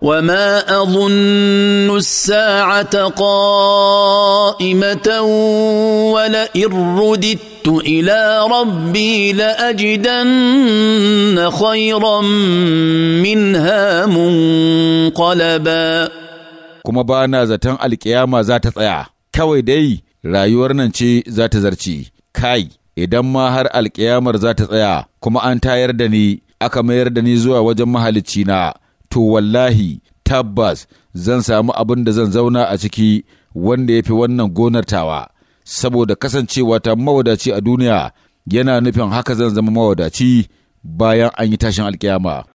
وما اظن الساعه قائمه ولئن رددت الى ربي لاجدن خيرا منها منقلبا kuma ba na zaton alkiyama za ta tsaya kawai dai rayuwar nan ce za ta zarci kai idan ma har alkiyamar za ta tsaya kuma an tayar da ni aka mayar da ni zuwa wajen mahalicci na to wallahi tabbas zan samu abin da zan zauna a ciki wanda ya fi wannan gonar saboda kasancewa ta mawadaci a duniya yana nufin haka zan zama mawadaci bayan an yi tashin alkiyama